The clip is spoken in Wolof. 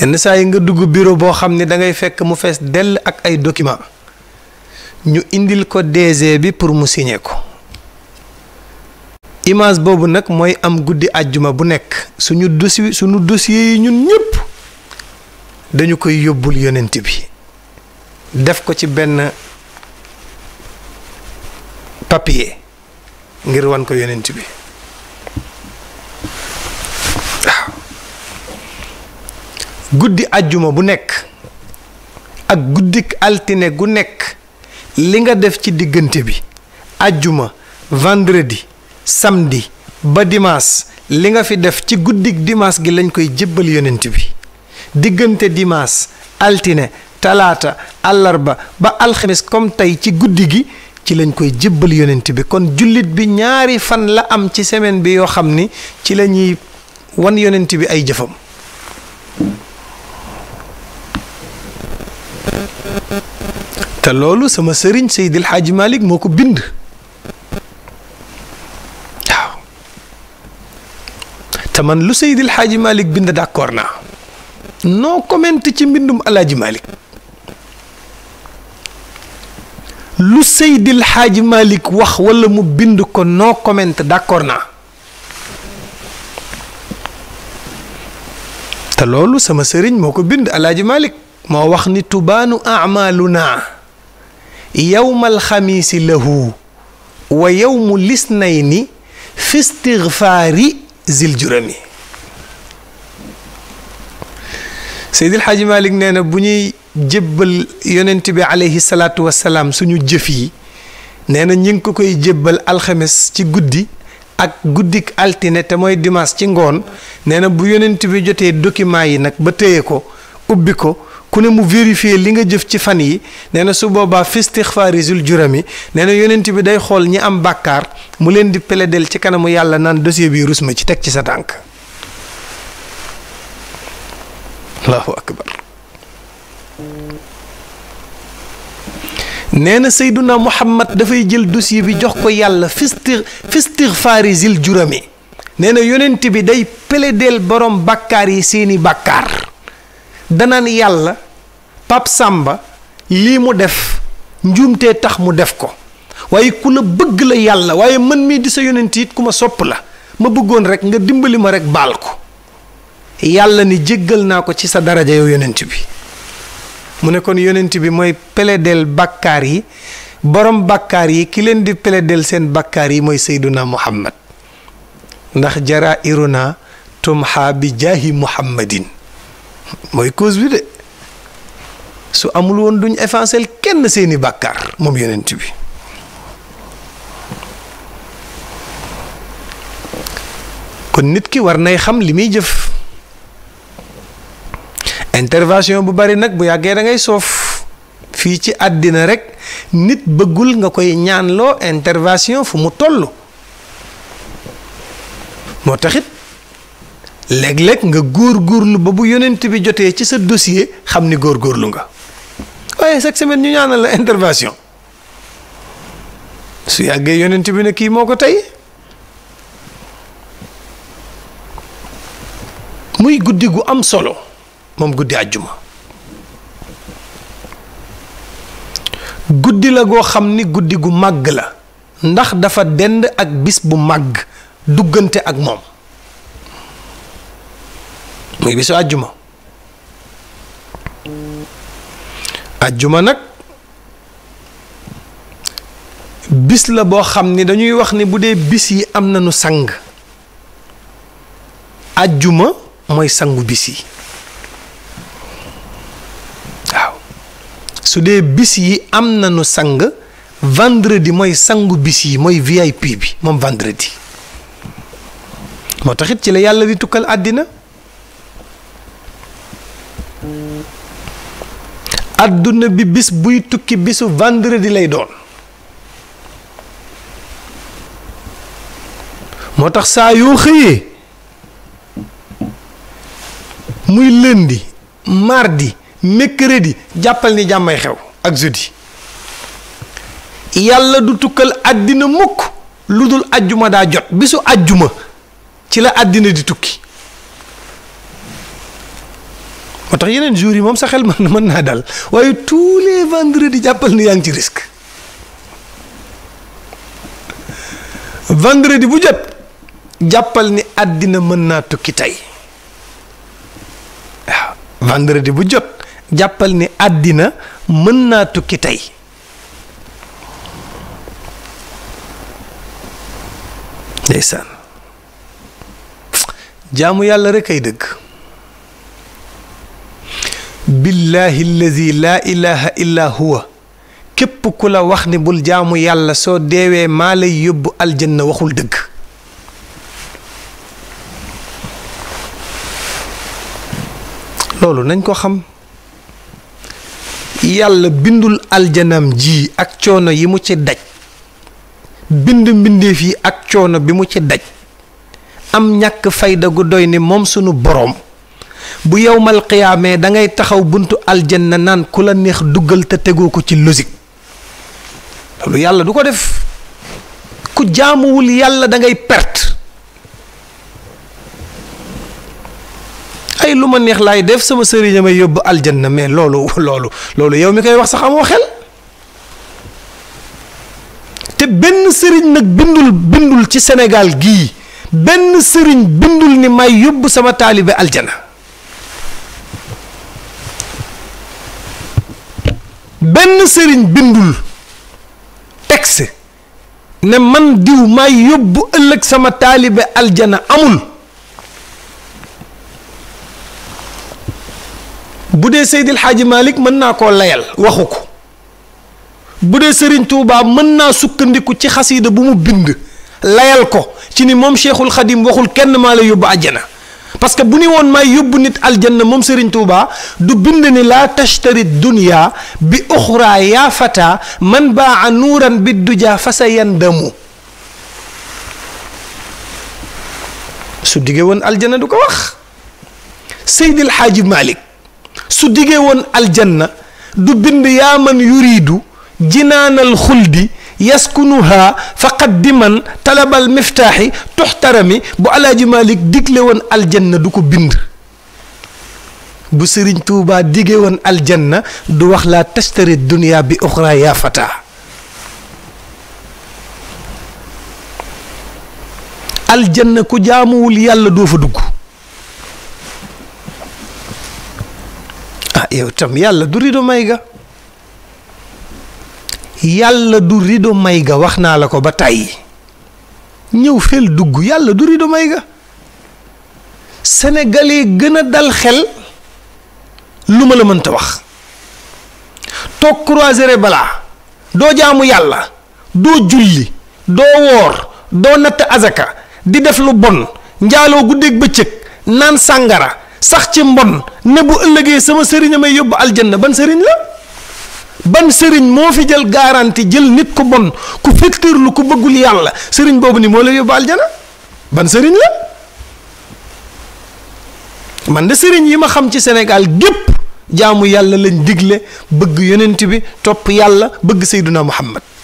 yenn saa yi nga dugg bureau boo xam ne da ngay fekk mu fees dell ak ay document ñu indil ko DG bi pour mu signer ko image boobu nag mooy am guddi àjjuma bu nekk suñu dossier yi ñun ñëpp dañu koy yóbbul yonent bi def ko ci benn papier ngir wan ko yonent bi guddi ajjuma bu nekk ak guddik altine gu nekk li nga def ci diggante bi ajjuma vendredi samedi ba dimanche li nga fi def ci guddik dimanche gi lañ koy jébbal yonent bi diggante dimanche altine talaata àllarba ba alxames comme tey ci guddi gi ci lañ koy jébbal yonent bi kon jullit bi ñaari fan la am ci semaine bi yoo xam ni ci lañuy wan yonent bi ay jëfam te loolu sama sëriñ Seydil Hadji malik moo ko bind te man lu Seydil Hadji Malick bind d'accord naa noo commenté ci mbindum Alaaji Malick lu Seydil Hadji Malick wax wala mu bind ko noo commenté d'accord naa te loolu sama sëriñ moo ko bind Alaaji Malick moo wax ni tubaanu amaluna yowmal xamiisi lahu wa yowmu lisnayni fi istigfaari zil jurami Seydil Malik nee na bu ñuy jébbal yonent bi aleyhi salaatu wasalaam suñu jëf yi nee na ñi ngi ko koy jébbal alxames ci guddi ak guddik altine te mooy dimaas ci ngoon nee na bu yonent bi jotee document yi nag ba téye ko ubbi ko ku ne mu vérifier li nga jëf ci fan yi nee na su boobaa fistixfaari zul jurami nee na yonent bi day xool ñi am bàkkaar mu leen di plaidel ci kanamu yàlla naan dossier bi rus ma ci teg ci sa tànk allahu akbar nee na Seyduna Muhammad dafay jël dossier bi jox ko yàlla fisti fistixfaari jurami nee na yonent bi day plaidel borom bàkkaar yi seeni bàkkaar danaan yàlla Pape sàmba lii mu def njuumtee tax mu def ko waaye ku la bëgg la yàlla waaye mën mii di sa yonent it ku ma sopp la ma bëggoon rek nga dimbali ma rek baal ko yàlla ni jéggal naa ko ci sa daraja yow yonent bi mu ne kon yonent bi mooy peledeel bàkkaar yi borom bàkkaar yi ki leen di peledeel seen bàkkaar yi mooy sayduna muhammad ndax jara iruna tumha bi jaahi muhammadin mooy cause bi de su amul woon duñ effacer kenn seeni bàkkaar moom yonent bi kon nit ki war nay xam li muy jëf intervention bu bari nag bu yàggee da ngay soof fii ci àddina rekk nit bëggul nga koy ñaanloo intervention fu mu toll moo taxit léeg-léeg nga góor góorgóorlu ba bu yonent bi jotee ci sa dossier xam ni góorgóorlu nga waaye chaque semaine ñu ñaanal la intervention su yàggee yonent bi ne kii moo ko tey muy guddi gu am solo moom guddi àjjuma guddi la goo xam ni guddi gu màgg la ndax dafa dend ak bis bu màgg duggante ak moom muy bisu àjjuma àjjuma nag bis la boo xam ni dañuy wax ni bu dee bis yi am nañu sang àjjuma mooy sangu bis yi waaw su dee bis yi am na nañu sang vendredi mooy sangu bis yi mooy VIP bi moom vendredi moo taxit ci la yàlla di tukkal àddina adduna bi bis buy tukki bisu vendredi lay doon moo tax saa yoo xëyee muy lundi mardi mercredi jàppal ni jàmmay xew ak jeudi yàlla du tukkal àddina mukk lu dul ajjuma daa jot bisu ajjuma ci la àddina di tukki moo tax yeneen jours yi moom sa xel mën mën naa dal waaye tous les vendredis jàppal ni yaa ngi ci risque vendredi bu jot jàppal ni àddina mën naa tukki tey waaw vendredi bu jot jàppal ni àddina mën naa tukki tey ndeysaan jaamu yàlla rek ay dëgg billahi allazi laa ilaha illa képp ku la wax ne bul jaamu yàlla soo deewee maa lay yóbbu aljanna waxul dëgg loolu nañ ko xam yàlla bindul aljanam ji ak coono yi mu ci daj bind mbindeef yi ak coono bi mu ci daj am ñàkk fayda gu doy ni moom sunu boroom bu yowmal qiyaamee da ngay taxaw buntu aljanna naan ku la neex duggal te tegoo ko ci losik loolu yàlla du ko def ku jaamuwul yàlla da ngay perte ay lu ma neex laay def sama sëriñ may yóbbu aljanna mais loolu loolu loolu yow mi koy wax sax amoo xel te benn sëriñ nag bindul bindul ci senegaal gii benn sëriñ bindul ni may yóbbu sama taalibe aljana benn sëriñ bindul texte ne man diw may yóbbu ëllëg sama taalibe aljana amul bu dee Seydil Xaaji Malik mën naa koo layal waxu ko bu dee Sëriñ Tuubaa mën naa sukkandiku ci xasiida bu mu bind layal ko ci ni moom Cheikhul Xadim waxul kenn maa la yóbbu àjjana parce que bu ni woon may yóbbu nit aljanna moom Serigne Touba du bind ni laa tashtari dunya bi uxra yaa fata man baa nuuran bi duja fa sa yandamu su diggee woon aljanna du ko wax Seydil Xaaji Malik su diggee woon aljanna du bind yaa man yuriidu jinaanal xuldi yaskunuha faqad diman talabal miftaaxi tuxtarami bu alaaji malik digle woon aljanna du ko bind bu sëriñ tuuba digge woon aljanna du wax laa tastari dunia bi oxra yaa aljanna ku jaamuwul yàlla doo fa dugg ah yow tam yàlla du rido may ga yàlla du rido may ga wax naa la ko ba tàyyi ñëw fel dugg yàlla du rido may ga sénégalais gën a dal xel lu ma la mënta wax toog croiser balaa doo jaamu yàlla doo julli doo woor doo natt azaka di def lu bon njaaloo guddeeg bëccëg naan sàngara sax ci mbon ne bu ëllëgee sama sëriñ a may yóbbu aljanna ban sëriñ la ban sëriñ moo fi jël garanti jël nit ko bon ku fettirlu ku bëggul yàlla sëriñ boobu ni moo la yóbbu aljana ban sëriñ la man de sëriñ yi ma xam ci Sénégal gépp jaamu yàlla lañ digle bëgg yonent bi topp yàlla bëgg Seyduna Muhammad